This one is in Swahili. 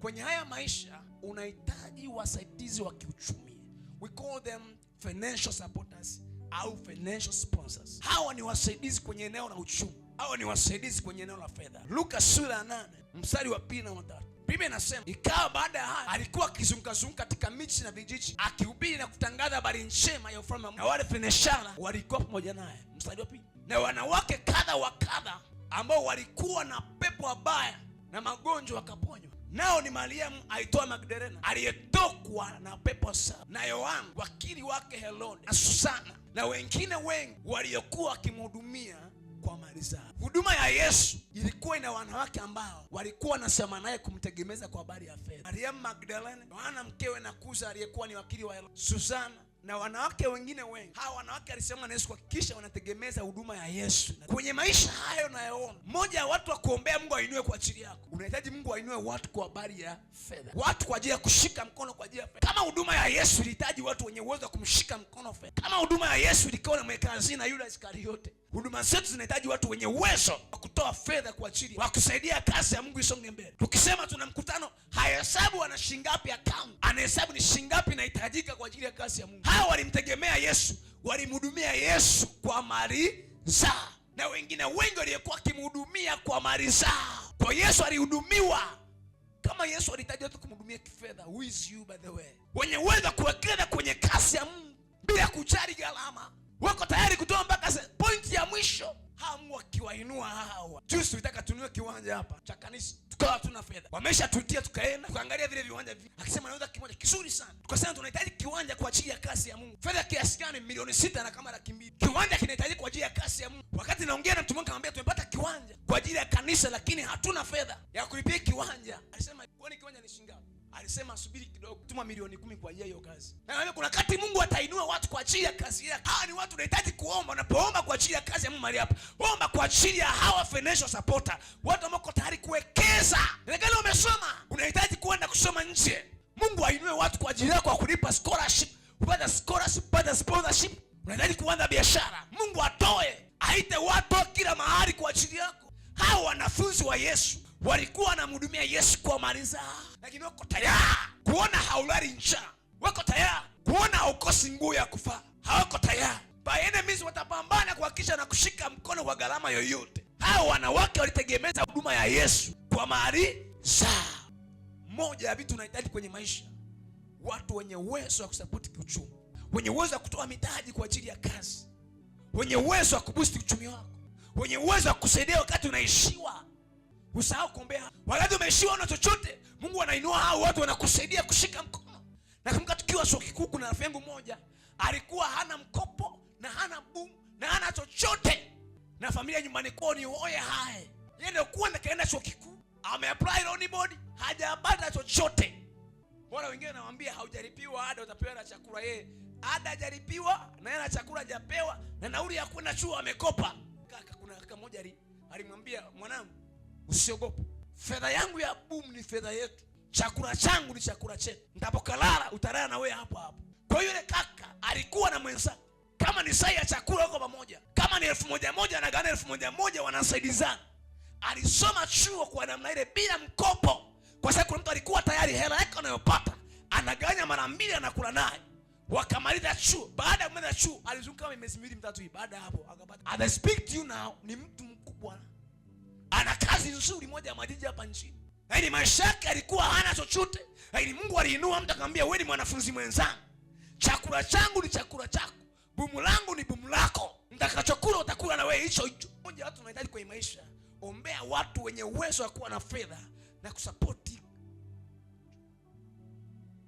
Kwenye haya maisha unahitaji wasaidizi wa kiuchumi, we call them financial supporters au financial sponsors. Hawa ni wasaidizi kwenye eneo la uchumi, hawa ni wasaidizi kwenye eneo la fedha. Luka sura ya nane mstari wa pili na watatu Biblia inasema ikawa baada ya haya alikuwa akizungukazunguka katika michi na vijiji akihubiri na kutangaza habari njema ya ufalme, na wale feneshara walikuwa pamoja naye. Mstari wa pili, na wanawake kadha wa kadha ambao walikuwa na pepo wabaya na magonjwa wakaponywa nao ni Mariamu aitwa Magdalena aliyetokwa na pepo saba na Yohana wakili wake Herode na Susana na wengine wengi waliokuwa wakimhudumia kwa mali zao. Huduma ya Yesu ilikuwa ina wanawake ambao walikuwa wanasema naye kumtegemeza kwa habari ya fedha. Mariamu Magdalena, Yohana mkewe na Kuza aliyekuwa ni wakili wa Herode, Susana na wanawake wengine wengi. Hawa wanawake alisema na Yesu kuhakikisha wanategemeza huduma ya Yesu kwenye maisha hayo nayoona. Mmoja ya watu wa kuombea Mungu ainue kwa ajili yako, unahitaji Mungu ainue watu kwa habari ya fedha, watu kwa ajili ya kushika mkono kwa ajili ya fedha. Kama huduma ya Yesu ilihitaji watu wenye uwezo wa kumshika mkono fedha, kama huduma ya Yesu ilikuwa na na yule askari yote Huduma zetu zinahitaji watu wenye uwezo wa kutoa fedha kwa ajili wa kusaidia kazi ya Mungu isonge mbele. Tukisema tuna mkutano, hahesabu ana shingapi akaunti, anahesabu ni shingapi inahitajika kwa ajili ya kazi ya Mungu. Hawa walimtegemea Yesu, walimhudumia Yesu kwa mali zao, na wengine wengi waliokuwa wakimhudumia kwa mali zao. Kwa Yesu alihudumiwa kama Yesu alihitaji watu kumhudumia kifedha. Who is you by the way, wenye uwezo kuwekeza kwenye kazi ya Mungu bila kujali gharama, wako tayari tuitia tukaenda tukaangalia vile viwanja vile, akisema nauza kimoja kizuri sana, tukasema tunahitaji kiwanja kwa ajili ya kazi ya Mungu, fedha kiasi gani? Milioni sita na kama laki mbili. Kiwanja kinahitaji kwa ajili ya kazi ya Mungu. Wakati naongea na mtu mmoja, kamwambia tumepata kiwanja kwa ajili ya kanisa, lakini hatuna fedha ya kulipia kiwanja. Alisema kwani kiwanja ni shilingi ngapi? alisema subiri kidogo, tuma milioni kumi kwa ajili ya hiyo kazi. Na kuna wakati Mungu atainua watu kwa ajili ya kazi yake. Hawa ni watu unahitaji kuomba. Unapoomba kwa ajili ya kazi ya Mungu mahali hapa, omba kwa ajili ya hawa financial supporter, watu ambao wako tayari kuwekeza. Inawezekana umesoma, unahitaji kuenda kusoma nje. Mungu ainue watu kwa ajili yako, akulipa scholarship, kupata scholarship, kupata sponsorship. Unahitaji kuanza biashara, Mungu atoe, aite watu kila mahali kwa ajili yako. Hawa wanafunzi wa Yesu walikuwa wanamhudumia Yesu kwa mali zao, lakini wako tayari kuona haulali ncha wako tayari kuona haukosi nguo ya kuvaa, hawako tayari enemies Watapambana kuhakikisha na kushika mkono kwa gharama yoyote. Hao wanawake walitegemeza huduma ya Yesu kwa mali zao. Moja ya vitu unahitaji kwenye maisha, watu wenye uwezo wa kusapoti kiuchumi, wenye uwezo wa kutoa mitaji kwa ajili ya kazi, wenye uwezo wa kubusti uchumi wako, wenye uwezo wa kusaidia wakati unaishiwa usahau kuombea. Wakati umeishiwa na chochote, Mungu anainua hao watu, wanakusaidia kushika mkono. Nakumbuka tukiwa chuo kikuu, kuna rafiki yangu mmoja alikuwa hana mkopo na hana boom na hana chochote, na familia nyumbani kwao ni oye hai, yeye ndio kwenda kaenda chuo kikuu, ameapply loan board, hajapata chochote. Bora wengine nawaambia, haujaripiwa ada, utapewa na chakula. Yeye ada hajaripiwa na yeye na chakula hajapewa, na nauli ya kwenda chuo amekopa. Kaka, kuna kaka mmoja alimwambia mwanangu Usiogope. Fedha yangu ya boom ni fedha yetu, chakula changu ni chakula chetu. Ndapokalala utalala na wewe hapo hapo. Kwa yule kaka alikuwa na mwenza, kama ni sai ya chakula huko pamoja, kama ni elfu moja moja anagawana elfu moja moja, wanasaidizana. Alisoma chuo kwa namna ile bila mkopo, kwa sababu kuna mtu alikuwa tayari hela yake anayopata anaganya mara mbili, anakula naye wakamaliza chuo. Baada ya kumaliza chuo alizunguka kama miezi miwili mitatu. hii. Baada ya hapo akapata. I speak to you now, ni mtu mkubwa ana kazi nzuri moja ya majiji hapa nchini, yaani maisha yake alikuwa hana chochote, lakini Mungu aliinua mtu akamwambia, wewe ni mwanafunzi mwenzangu, chakula changu ni chakula chako, bumu langu ni bumu lako, mtakachokula utakula na wewe hicho hicho. Moja watu tunahitaji kwenye maisha, ombea watu wenye uwezo wa kuwa na fedha na kusupport